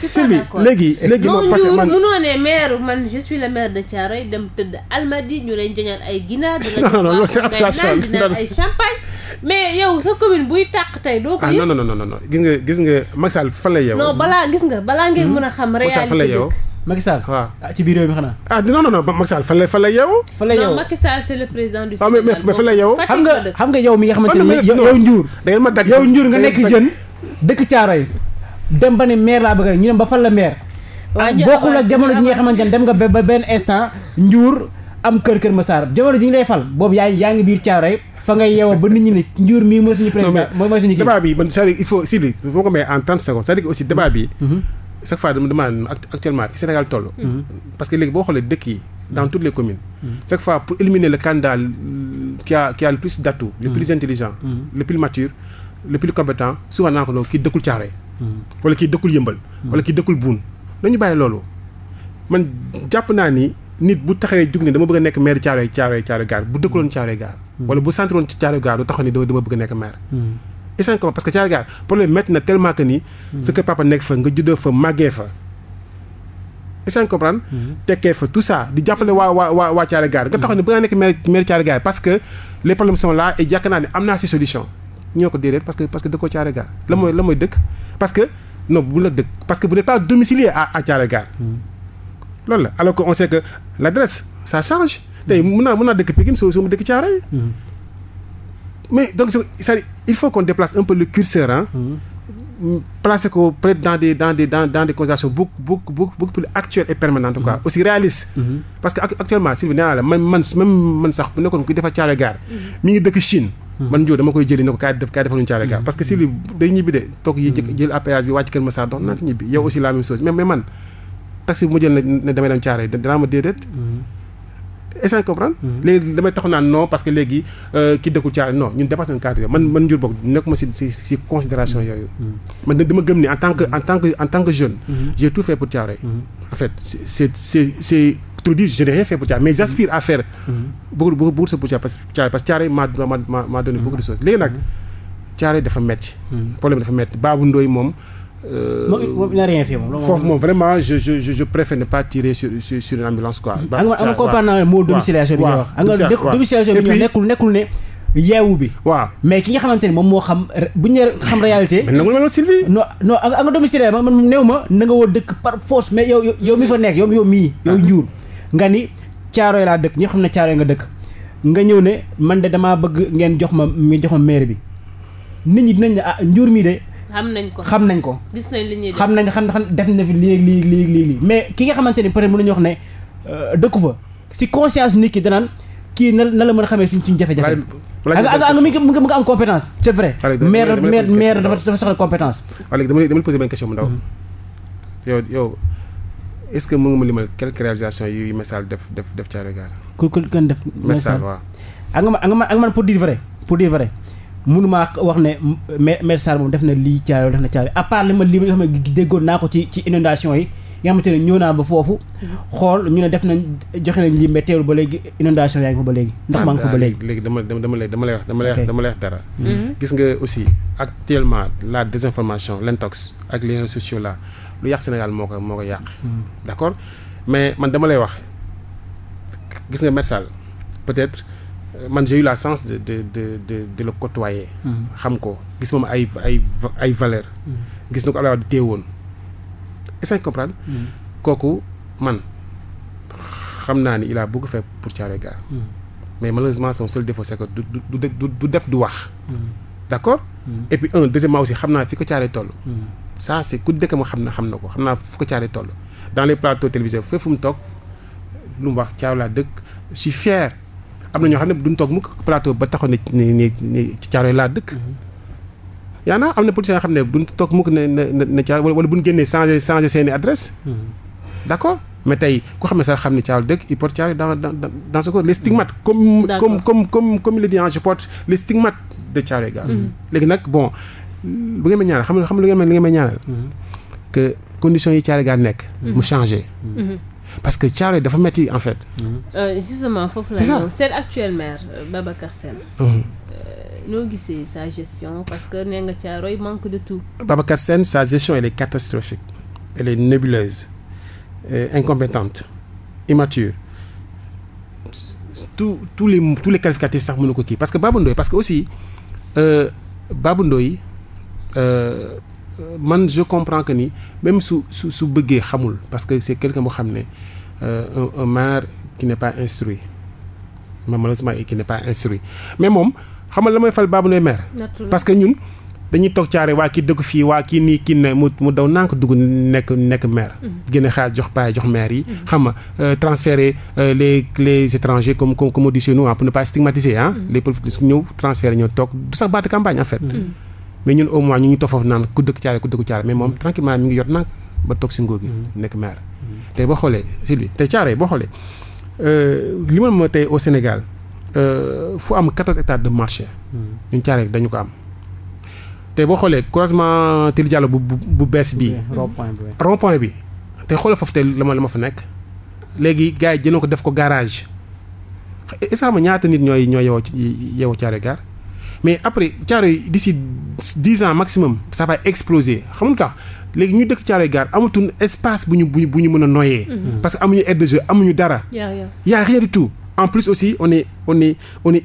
léegi léegi ma parce que man munoo ne maire man je suis le maire de Thiaroye dem tëdd Almadi ñu lay joñaat ay ginaar dina <laughs> non naan ay champagne mais yow sa commune buy tàq tey doo ko ah, non non non non gis nga gis nga Macky Sall fan la yow non balaa gis nga balaa ngeen hmm? mën a xam réalité Macky Sall waaw ah, ci biir réew mi xanaa. ah non non non Macky fan lay fan fan lay yeewoo ah, xam nga xam nga yow mi nga xamante ah, ne yow nga nekk jeune. dëkk Thiaroye dem ba ne maire laa bëgg ñu dem ba fan la maire. waaw bokkul ak jamono ji nga xamante ne dem nga ba benn instant Ndiour am kër kër Massar jamono ji ñu fal boobu yaa yaa ngi biir Thiaroye fa ngay yeewoo ba nit ñi ne Ndiour mii mooy suñu président mooy suñu kii débat bi man cest à il faut si li boo ko may en 30 secondes c'est-à-dire aussi débat chaque fois dama demande actuellement ci Sénégal toll. Mhm. parce que léegi boo xoolee dëkk yi. dans toutes les communes. Mhm. chaque fois pour éliminer le candidat qui a le plus d'atouts. le mhm. plus intelligent. le plus mature le plus compétent souvent naa ko noonu kii dëkkul caare. wala kii dëkkul yëmbal. wala kii dëkkul buun. nañu bàyyi loolu man jàpp naa ni nit bu taxawee jug ne dama bëgg a nekk maire Thiaroye Thiaroye Thiaroye Gare bu dëkkuloon Thiaroye Gare. wala bu centre woon Thiaroye Gare du taxaw ni bëgg nekk maire. isaan parce que Thiaroye Gare problème métti na tellement que nii. ce que papa nekk fa nga juddoo fa màggee fa. Mm-hmm. tekkee fa tout ça di jàppale waa waa waa waa Thiaroye Gare ne ba nga nekk maire maire Thiaroye parce que les problèmes sont là et yaakaar naa ne am naa si solution ñoo ko déedéet parce que parce que dëkkoo Thiaroye Gare la mooy la mooy dëkk parce que non bu la dëkk parce que vous n'êtes pas domicilié à à Thiaroye Gare mm-hmm. la alors que on sait que l'adresse ça change tey mun naa mun naa dëkk Pikine soo soo mu dëkk Thiaroye mm-hmm. mais donc c'est il faut qu'on déplace un peu le curseur ah. placer ko peut-être dans des dans des dans, dans des conversations beaucoup beaucoup beaucoup beaucoup plus actuelles et permanentes quoi mm-hmm. aussi réalistes. Mm-hmm. parce que actuellement Sylvie nee la man man sax bu nekkoon ku defar Thiaroye Gare mi ngi dëkk Chine. man Njóo dama koy jëli ne ko kaay def kaay defaluñu Thiaroye Gare parce que Sylvie day ñibbi de toog yi jël apéage bi wàcc Kër Massar dox naa ci ñibbi yow aussi la même chose mais mais man est-ce que comprendre mhm. léegi damay tax naan non parce que léegi euh, ki dëkkul caare no ñun dépassé nañ cadre yooyu man man njur bokk nekkuma si si si considération mhm. yooyu mhm. man dama gëm ni en tant que en tant que en tant que jeune j'ai tout fait pour caare en fait c'est c'est c'est trop dit je fait pour caare mais j'aspire à faire beaucoup beaucoup beaucoup pour caare parce que caare parce ma caare maa maa maa de choses léegi nag caare dafa metti problème dafa metti Babou Ndoye moom moom n'a rien fait moom. foofu moom vraiment je je je préfère ne pas tirer sur sur sur une ambulance quoi. Hmm. bi nekkul nekkul ne. yeewu bi. waaw mais ki nga xamante ni moom moo xam bu ñu xam réalité. mais nangu la ma Sylvie. ma man na woo dëkk par force mais yow yow mi fa nekk yow yow mii ah. yow njuur nga ni Caaroy laa dëkk ñi xam ne Caaroy nga dëkk nga ñëw ne man de damaa bëgg ngeen jox ma ngeen jox ma maire bi nit ñi dinañ ne ah njuur mii de. xam nañ ko xam nañ ko. gis nañ li ñuy def xam nañ xam def na fi lii lii lii lii mais ki nga xamante ni peut être mën nañu wax ne euh, dëkku fa si conscience nit ki danaan kii na na la mën a xamee suñ suñ jafe-jafe. nga nga mi nga am compétence c' est vrai. maire maire maire dafa dafa soxla compétence. waaw léegi dama leen dama leen posé benn question bu ndaw. Mhm. yow yow est ce que mën nga ma limal quelques réalisations yu Messal def def def Thiaroye Gare. ku ku kan def. Messal waaw. ak nga ma ak nga man pour dire vrai pour dire vrai mënumaa wax ne maire Sarr moom def na lii caaro def na caaro à part li ma li nga xam ne déggoon naa ko ci inondation yi nga xamante ne ñëw naa ba foofu mm-hmm. xool ñu ne def na joxe nañ lii mais ba léegi inondation yaa ngi fa ba léegi ndax maa ngi fa ba léegi ah, dama dama lay dama lay wax dama lay dama lay dara mm-hmm. gis nga aussi actuellement la désinformation l'intox ak les réseaux sociaux là lu yàq Sénégal moo ko moo ko yàq mm-hmm. d'accord mais man dama lay wax gis nga maire man j'ai eu la chance de de de de, de le côtoyer. Mm. xam ko gis moom ay ay ay valeur mm. gis na ko Ablaye Wade teewoon. est-ce que mm. kooku man xam naa ni il a beaucoup pour Thiaroye Gare. mais malheureusement son seul défaut c'est que du du du def du wax. d'accord. et puis un deuxièmement aussi xam naa fi ko Thiaroye toll. ça c'est ku dëkk ma xam na xam na ko xam naa fi ko Thiaroye toll. dans les plateaux télévisés fépp fu mu toog lu mu wax Thiaroye laa dëkk je suis am na ñoo xam ne duñ toog mukk plateau ba taxaw ne ne ci Caaroy laa dëkk. Mhm. yaa naa am na politiciens yoo xam ne duñ toog mukk ne ne ne Caaroy wala buñ génnee changé changé seeni adresse. Mhm. d' accord mais tey ku xam ne sa xam ne Caaroy dëkk il porte Caaroy dans dans dans ce corps les stigmates. Mhm. comme comme comme comme comme il dit je porte les stigmates de Caaroy gare. léegi nag bon bu ngeen may ñaanal xam nga xam nga lu ngeen may ñaanal. que conditions yi Caaroy nekk. mu changé. parce que Thiaroye dafa metti en fait. Euh, justement foofu la ñëw seen actuel maire euh, Babacar Sène. Euh, noo gisee sa gestion parce que nee nga Thiaroye manque de tout. Babacar Sène sa gestion elle est catastrophique elle est nébuleuse incompétente immature tous tous les qualificatifs sax mënu ko kii parce que Babou Ndoye parce que aussi Babou Ndoye. Euh, man je comprends que nii même su su su bëggee xamul parce que c'est quelqu'un boo xam ne euh, un maire qui n'est pas instruit mais malheureusement qui n'est pas instruit mais moom xam nga la may fal baabu ne maire. parce que ñun dañuy toog caare waa ki dëkk fii waa ki nii ki ne mu mu daw naa ko dugg nekk nekk maire. Mm-hmm. gën a xaar jox paay jox maire yi. Mm-hmm. xam nga euh, transférer les les étrangers comme comme comme on dit chez nous ah, pour ne pas stigmatiser ah. Mm-hmm. les politiques ñëw transférer ñëw toog du sax baatu campagne en fait. mais ñun au moins ñu ngi toog foofu naan ku dëkk caare ku dëkk caare mais moom tranquillement mi ngi yot nag ba toog si nguur gi. Mm. nekk maire. Mm. tey boo xoolee Sylvie tey caare boo xoolee euh, li ma ma tey au Sénégal euh, fu am 14 hectares de marché. Mm. ñun caare dañu ko am. tey boo xoolee croisement Tili Diallo bu bu bu bees bii. rond bi te xoolee foofu tey la ma la ma fa nekk. léegi gars yi jëloon ko def ko garage est-ce ñaata nit ñooy ñooy yeewoo ci yeewoo caare gare. mais après Thiaroye d'ici dix ans maximum ça va exploser xam nga tax léegi ñu dëkk Thiaroye Gare amatuñ espace bu ñu bu ñu bu ñu mën a noyee. Mm-hmm. Mm-hmm. parce que amuñu aire de jeu amuñu dara. y a rien tout en plus aussi on est on est on est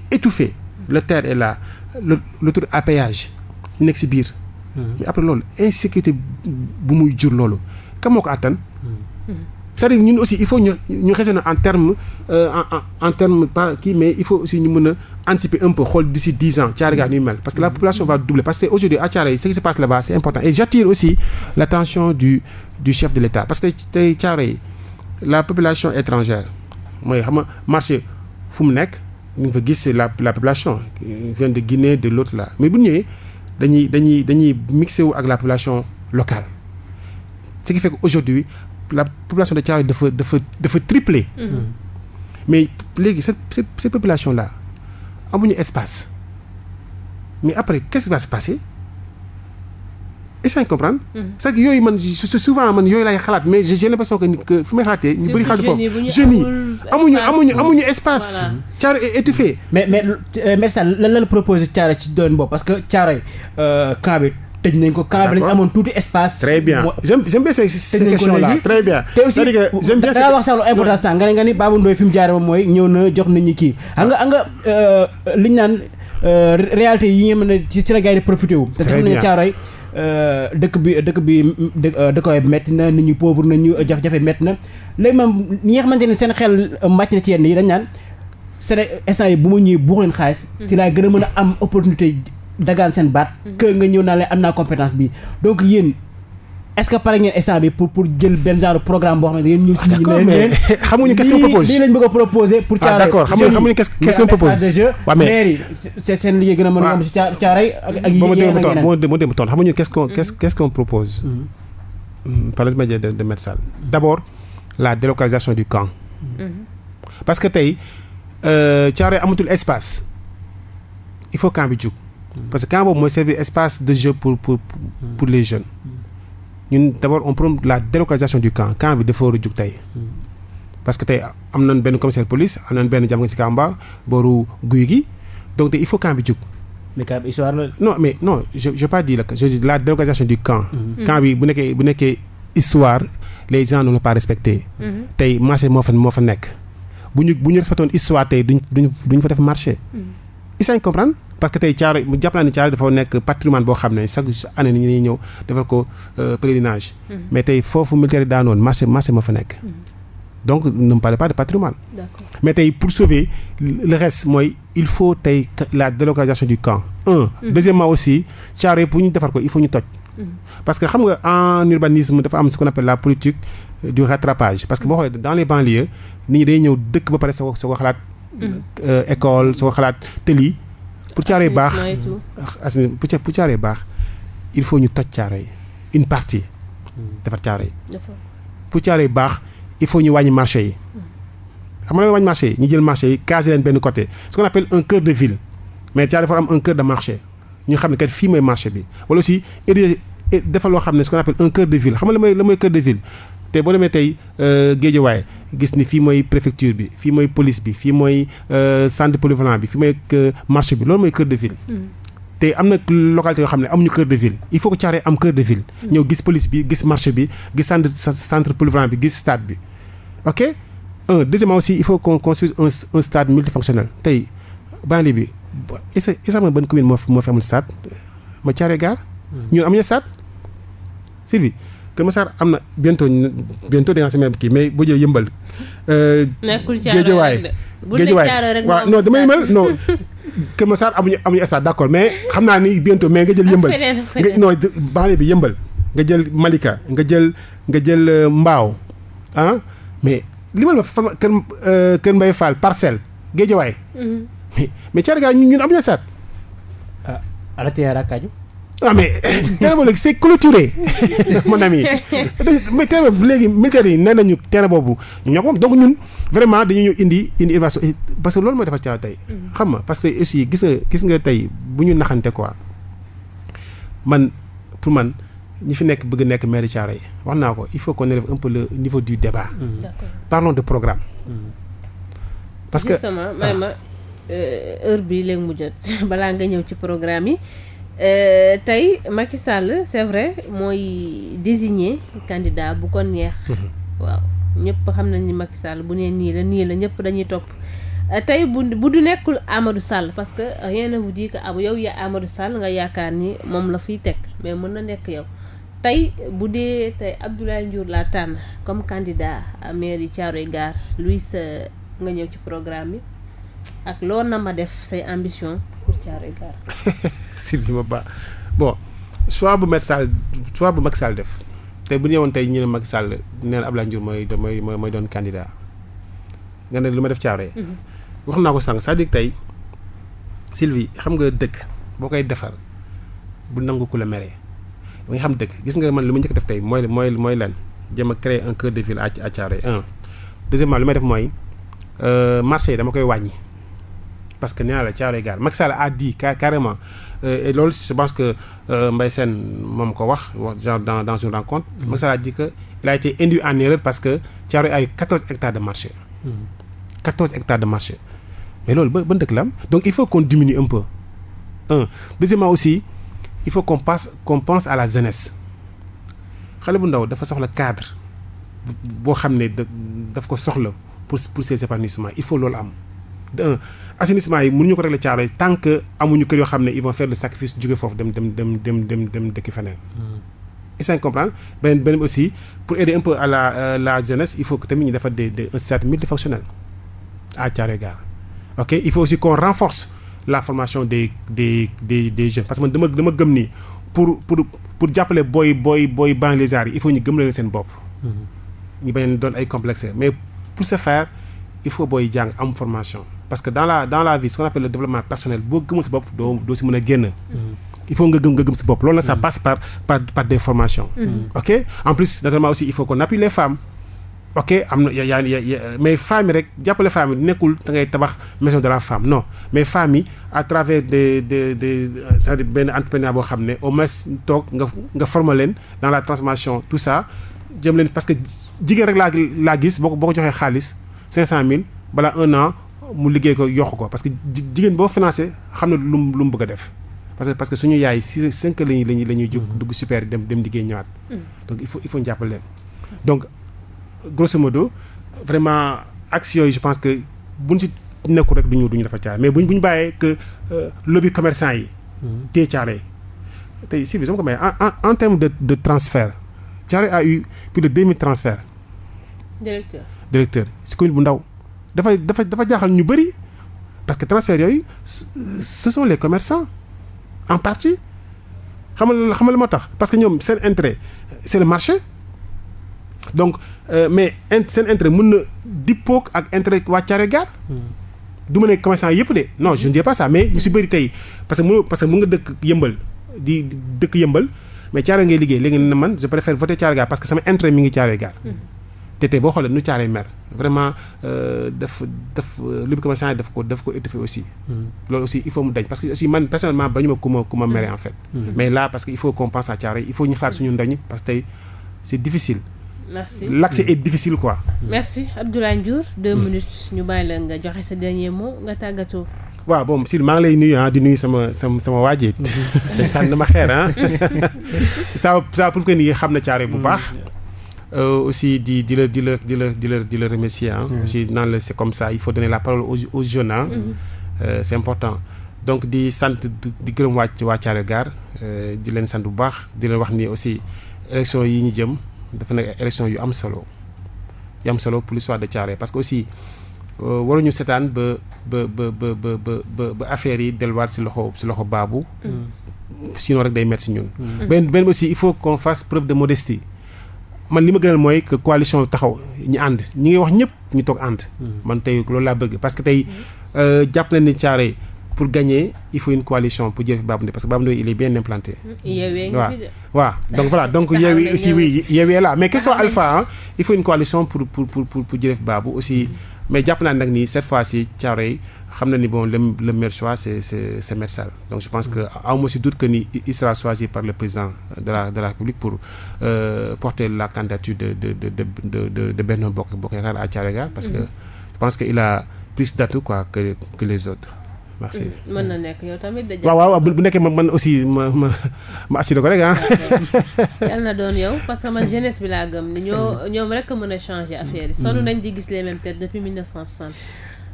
le terre est la le le tour à ñu nekk si biir. Mm-hmm. mais après loolu insécurité bu muy jur loolu kan moo ko attan. cest dire ñun aussi il faut ñu ñu raisonner en terme euh, en en terme pas kii mais il faut aussi ñu mën a anticiper un peu xool d'ici dix ans Thiaroye gaa ñuy mel parce que la mm-hmm. population va doubler parce que aujourd'hui à Thiaroye ce qui se passe là-bas c'est important et j'attire aussi l'attention du du chef de l'État parce que tey Thiaroye la population étrangère marché fu mu nekk ñu ngi fa gis la la population vient de Guinée de l'autre là mais bu da dañuy dañuy dañuy mixé wu ak la population locale ce qui fait que aujourd'hui la population de Thiaroye dafa dafa dafa triple mm-hmm. mm-hmm. mais léegi cette cette cette population là amuñu espace mais après qu'est-ce qui va se passer est-ce que comprendre. Mm-hmm. c'est que yooyu man souvent man yooyu laay xalaat mais j'ai l'impression que fu may xalaatee. ñu bëri xalaat foofu jeunes yi amuñu mais mais mais ça la la proposé Thiaroye ci doon boobu parce que Thiaroye euh, camp tëj nañ ko camp bi lañ amoon tuuti espace. très bien j'aime j'aime bien ces ces questions là très bien. te aussi da ngaa wax sax lu importance sax nga ne nga ni Babou Ndoye fi mu jaaree moom mooy ñëw na jox nit ñi kii. xam nga xam nga euh, liñ naan euh, réalité yi nga xam ne ci ci la gars yi di profité wu. très bien te def nañu caaroy euh, dëkk bi dëkk bi dëkkawaay métti na nit ñi pauvre nañu jafe-jafe métti na léegi moom ñi nga xamante ne seen xel màcc na ci yenn yi dañ naan seen instant yi bu ma ñëwee buux leen xaalis. Mm. ci laa gën a mën a am opportunité. dagaan seen baat. Mhm. que nga ñëw naa leen am naa compétence bi donc yéen. est-ce que pare ngeen instant bi pour pour jël benn genre programme boo xam ne yéen ñu. ah d'accord mais xamuñu qu'est-ce qu'on propose lii lañ bëgg a proposer. pour Thiaroye ah d'accord xamuñu xamuñu qu'est-ce qu'on propose. waaw mais maire yi seen liggéey gën a mën a am ci Thiaroye ak ak yi yéen a ma déggoo ma toll xamuñu qu'est-ce qu'on mhm. qu'est-ce qu'on propose. Mhm. Hmm, par le média de Maître Sall d'abord la délocalisation du camp. parce que tey Thiaroye euh, amatul espace il faut camp bi jug. parce que camp boobu mooy servir espace de jeu pour pour les jeunes. ñun d' abord on la délocalisation du camp camp bi dafa war a tey. parce que tey am na benn commissaire police am nañ benn jàmm nga si Kamba booru guy gi donc tey il faut camp bi jug. mais la. non mais non je je pas dit la la délocalisation du camp. Mm-hmm. Mm-hmm. camp bi bu nekkee bu nekkee histoire les gens ne l'ont pas respecté. Mm-hmm. tey marché moo fa moo fa nekk. bu ñu bu ñu respecté woon histoire tey duñ duñ duñ fa def marché. est-ce que parce que tey Thiaroye mu jàpp naa ne Thiaroye dafa nekk patrimoine boo xam ne chaque année ni ñuy ñëw euh, mm-hmm. mais tey foofu militaire yi daanoon marché marché ma fa mm-hmm. donc ne me parlez pas mais tey pour sauver le mooy il faut tey la délocalisation du camp un mm-hmm. deuxièmement aussi Thiaroye pour ñu defar ko il faut ñu toj parce que xam nga en urbanisme dafa am ce qu'on appelle la politique euh, du rattrapage que boo xoolee dans les banlieues nit ñi day ñëw dëkk ba pare soo ko soo xalaat euh, école soo ko xalaat tëli pour caaree baax assainissement ah, pour caaree baax il faut ñu toj caare yi une partie hmm. defar caare yi pour caare yi baax il faut ñu wàññi marché yi xam nga la wàññi marché yi ñu jël marché yi casé leen benn côté ce qu'on appelle un cœur de ville mais caare dafa am un cœur de marché ñu xam ne kat fii mooy marché bi wala aussi defal loo xam ne ce qu'on appelle un cœur de ville xam nga la mooy la de ville te boo demee tey euh, géejawaay gis ni fii mooy préfecture bi fii mooy police bi fii mooy euh, centre polyvalent bi fi mooy euh, marché bi loolu mooy cœur de ville. Mm. te am na localité yoo xam ne am ñu cœur de ville il faut que Thiaroye am cœur de ville. Mm. ñëw gis police bi gis marché bi gis centre centre polyvalent bi gis stade bi ok un deuxièmement aussi il faut qu'on construise un un stade multifonctionnel tey banlieue bi isa isa ma ban commune moo moo fi amul stade ma Thiaroye Gare. Mm. ñun amuñu Kër Masar am na bientôt bientôt di nga si même kii mais boo jëlee yëmbal. Euh, nekkul Géejawaay Géejawaay waaw non damay yëmbal non. Kër Masar amuñu amuñu espace d'accord mais xam naa ni bientôt mais nga jël yëmbal. nga non bi yëmbal. nga jël Malika nga jël nga jël euh, Mbao ah mais li ma la fa kër euh, kër Mbaye Fall parcelle Géejawaay. Mhm. mais mais Thiel gars ñun amuñu espace. Ah, non ah, mais <laughs> terrain boobu léegi c'est clôturé <laughs> mon ami boobu léegi militaires yi nee nañu terrain boobu ñoo ko moom donc ñun vraiment dañu ñëw indi indi innovation parce que loolu mooy defar caa tey. Mm. xam nga parce que aussi gis nga gis nga tey bu ñu naxante quoi man pour man ñu fi nekk bëgg nekk maire Thiaroye yi wax naa ko il faut qu'on élève un peu le niveau du débat. Mm. d'accord de programme. Mm. parce que justement ah. ma euh, heure bi léegi mu jot <laughs> balaa nga ñëw ci programme yi. Euh, tey Macky Sall c'est vrai mooy désigné candidat bu ko neex. Mhm. waaw ñëpp xam nañ ni Macky Sall bu ne nii la nii la ñëpp dañuy topp. Euh, tey bu du nekkul Amadou Sall parce que rien ne vous yow ya Amadou Sall nga yaakaar ni moom la fiy teg mais mën na nekk yow tey bu dee tey Abdoulaye Ndiour laa tànn comme candidat mairie Thiaroye Gare Louis nga ñëw ci programme bi ak loo na ma def say ambition pour Thiaroye Sylvie <laughs> Ba bon choix bu Macky Sall choix bu mag Sall def tey bu ñu yeewoon tey ñu ne Macky Sall nee na Abdoulaye Ndiour mooy mooy mooy doon candidat nga ne lu ma def Thiaroye. Mm-hmm. wax naa ko sànq cest à tey Sylvie xam nga dëkk boo koy defar bu nangu ku la meree ba nga xam dëkk gis nga man lu ma njëkk def tey mooy mooy mooy lan jëm a en un cœur de ville à à Thiaroye un deuxièmement lu may def mooy euh, marché yi dama koy wàññi. parce que nee naa la Thiaroye Gare Macky Sall carrément euh, loolu je pense que euh, Mbaye Sène moom ko wax wax genre dans dans une rencontre. Mm-hmm. Macky Sall a dit que il a été induit parce que Thiaroye ay 14 hectares de marché. 14 mm-hmm. hectares de marché mais loolu ba ban dëkk la am donc il faut qu'on diminue un peu deuxièmement aussi il faut qu'on passe qu'on pense à la jeunesse xale bu ndaw dafa soxla cadre boo xam ne daf ko soxla pour pour ses il faut loolu am. de euh, un assainissement yi mënuñu ko régler caaro yi tant que amuñu kër yoo xam ne ils vont faire le sacrifice jóge foofu dem dem dem dem dem dem dëkk feneen. Hmm. est-ce que comprendre beneen beneen aussi pour aider un peu à la euh, la jeunesse il faut que tamit ñu defar des des un stade multifonctionnel à Thiaroye Gare ok il faut aussi qu'on renforce la formation des des des des jeunes parce que man dama dama gëm nii pour pour pour jàppale booy booy booy banlieusards yi il faut ñu gëm leen seen bopp. Hmm. ñu bañ a doon ay complexes mais pour ce faire il faut booy jàng am formation. parce que dans la dans la vie ce qu'on appelle le développement personnel boo gëmul sa bopp doo doo si mën a génn. Mm-hmm. il faut nga gëm nga sa bopp loolu nag ça mm-hmm. passe par par par des mm-hmm. ok en plus naturellement aussi il faut qu'on appuie les femmes. ok am na yaa yaa mais femmes yi rek jàppale femmes yi nekkul da ngay tabax maison de la femme non mais femmes à travers de de des c'est-à-dire benn entrepreneur boo xam ne au moins toog nga nga former leen dans la transformation tout ça jëm leen parce que jigéen rek laa laa gis boo ko boo joxee xaalis cinq cent mille balaa un an. mu liggéey ko yokk ko parce que jigéen boo financé xam na lu mu lu mu bëgg a def parce que parce que suñu yaay si cinq lañuy lañuy la ñuy jóg dugg super dem dem liggéey ñëwaat. Mm-hmm. donc il faut il faut donc grosso vraiment action yi je pense que buñ si nekkul rek duñu duñu dafa caare mais bu ñu bàyyee que euh, lobby commercant yi. Mm-hmm. tey caare yi tey si bi sama ko may en en terme de de transfert caare a eu plus de 2000 transferts. directeur directeur si commune bu ndaw. dafa dafa dafa jaaxal ñu bëri parce que transfert yooyu ce sont les commerçants en partie xamal xamal moo tax parce que ñoom seen intérêt c'est le marché donc euh, mais seen intérêt mën na dippook ak intérêt waa Thiaroye Gare hmm. du ma ne commerçant yëpp de non je ne mais ñu si bëri tey parce que mu parce que mu nga dëkk yëmbal di dëkk yëmbal mais Thiaroye ngay liggéey léegi ne man je préfère voter Thiaroye Gare parce que sama intérêt mi ngi Thiaroye Gare hmm. te tey boo xoolee nu caaree mer vraiment euh, daf daf ma commerçant daf ko daf ko étouffé aussi. Mm. loolu aussi il faut mu dañ parce que aussi man personnellement bañu ma ku ma ku ma mm. mere en fait. Mm. mais là parce que il faut qu'on pense à caare il faut ñu xalaat suñu ndañ parce que tey c'est difficile. merci l'accès difficile quoi. merci Abdoulaye Ndiour deux minutes ñu bàyyi la nga joxe sa dernier mot nga tàggatoo. waaw bon Sylle maa ngi lay nuyu ah di nuyu sama sama sama waajee. <laughs> te sànn ma xeer ah. <laughs> ça ça prouve xam na caare bu baax. Euh, aussi di di la di la di la di la mm-hmm. comme ça il faut donner la parole aux aux jeunes ah. c'est important donc di sant di gërëm waa waa Thiaroye Gare euh, di leen sant bu baax di leen wax ni aussi élection yi ñu jëm dafa nekk élection yu am solo yu am solo pour l'histoire de Thiaroye parce que aussi waruñu seetaan ba ba ba ba ba ba affaire yi delluwaat ci loxo si loxo baabu. si mm-hmm. sinon rek day métti ci ñun. benn benn aussi il faut qu'on fasse preuve de modestie. man li ma gënal mooy que coalition taxaw ñu ànd ñu ngi wax ñëpp ñu toog ànd. Hmm. man tey loolu laa bëgg parce que tey euh, jàpp nañ ni Thiaroye pour gagner il faut une coalition pour jëlee fi Babou Ndoye parce que Babou Ndoye il hmm, waaw donc voilà donc <laughs> yeewee aussi oui yeewee là mais question alpha il faut une coalition pour pour pour pour jëlee fi Babou aussi hmm. mais jàpp naa nag ni cette fois-ci Thiaroye. xam na ni bon le le meilleur choix c'est c'est c'est donc je pense que à aussi doute que ni il sera par le président de la République pour euh, porter la candidature de de de de de de Benno Bokk Bokk Yaakaar à Thiaroye parce que mm-hmm. je pense que il a plus d'atouts quoi que que les autres. merci mm-hmm. mën na nekk yow tamit. da waaw waaw bu nekkee man man aussi ma ma ma assuré ko rek ah. yal na doon yow parce que man <laughs> jeunesse bi laa gëm ni ñoo ñoom rek a a changer affaire yi. sonn mm-hmm.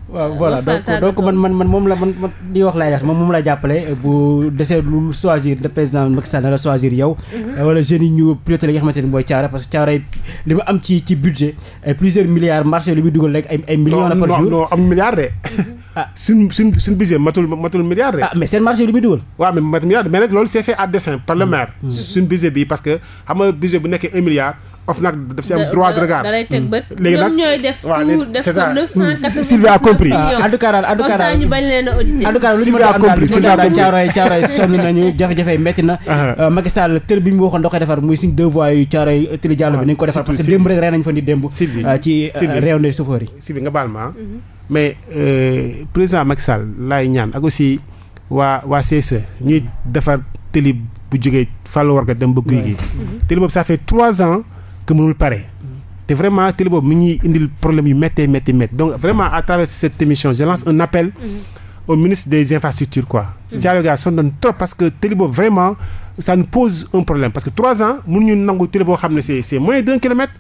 waaw voilà donc donc man man man moom la man man li wax laay wax moom moom laa jàppale bu desee lu choisir le président Macky Sall na la choisir yow. Mhm. wala jeunes yi ñu piloté li nga xamante ne mooy Thiaroye parce que Thiaroye li mu am ci ci budget ay plusieurs milliards marché li muy dugal rek ay ay millions la par jour non am milliards de. Mhm. ah suñ su suñ budget matul matul milliard rek. ah mais seen marché lu muy dugal. waaw mais matul mais nag loolu c'est hmm. Hmm. que xam nga budget bu nekkee un milliard. of nag daf si am droit de regard. da teg hmm. bët léegi nag ñooy def. waaw a a lu ñu mën a am daal lu ñu mën a caaroy caaroy sonn <laughs> nañu jafe-jafe metti na. Euh, Macky Sall bi mu waxoon da koy defar muy suñ deux voies caaroy tëli jàll bi ah, nañ ko defar parce que démb rek rey nañ fa ni démb. Euh, ci euh, réew ne yi. Sylvie nga baal ma mhm. mais euh, président Macky Sall laay ñaan ak aussi waa waa CSE ñuy defar tëli bu jógee fàllu war ga dem ba guy gi mhm. tëli boobu ça fait trois ans que mënul pare mhm. te vraiment tëli boobu mi ñuy indil problème yu méttee métti métti donc vraiment à travers cette émission je lance un appel mhm. au ministre des infrastructures quoi Thiaroye Gare sonn nañ trop parce que tëli boobu vraiment ça nous pose un problème parce que trois ans mënuñu nangu tëli boo xam ne c'est c'est moins d'un kilomètre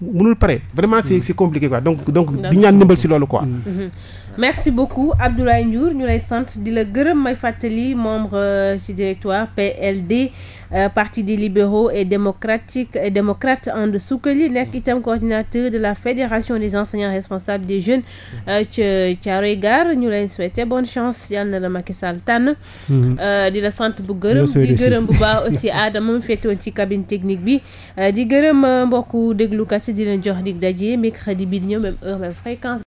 mënul pare vraiment c'est mm. c'est compliqué quoi donc donc di ñaan ndimbal si loolu quoi mm-hmm. Mm-hmm. merci beaucoup Abdoulaye njur ñu lay sant di la gërëm may fàttali membre euh, ci directoire PLD euh, parti des libéraux et démocratiques et démocrates And Sukkali nekk itam coordinateur de la fédération des enseignants responsables des jeunes euh, ca Thiaroye Gare ñu lay souhaiter bonne chance yal na la Macky Sall mm-hmm. di la sant bu gërëm di gërëm bu baax aussi Adama mu féetoon ci cabine technique bi di gërëm mbokk déglukat yi di leen jox dig daje mercredi bi di ñëw même heure même fréquence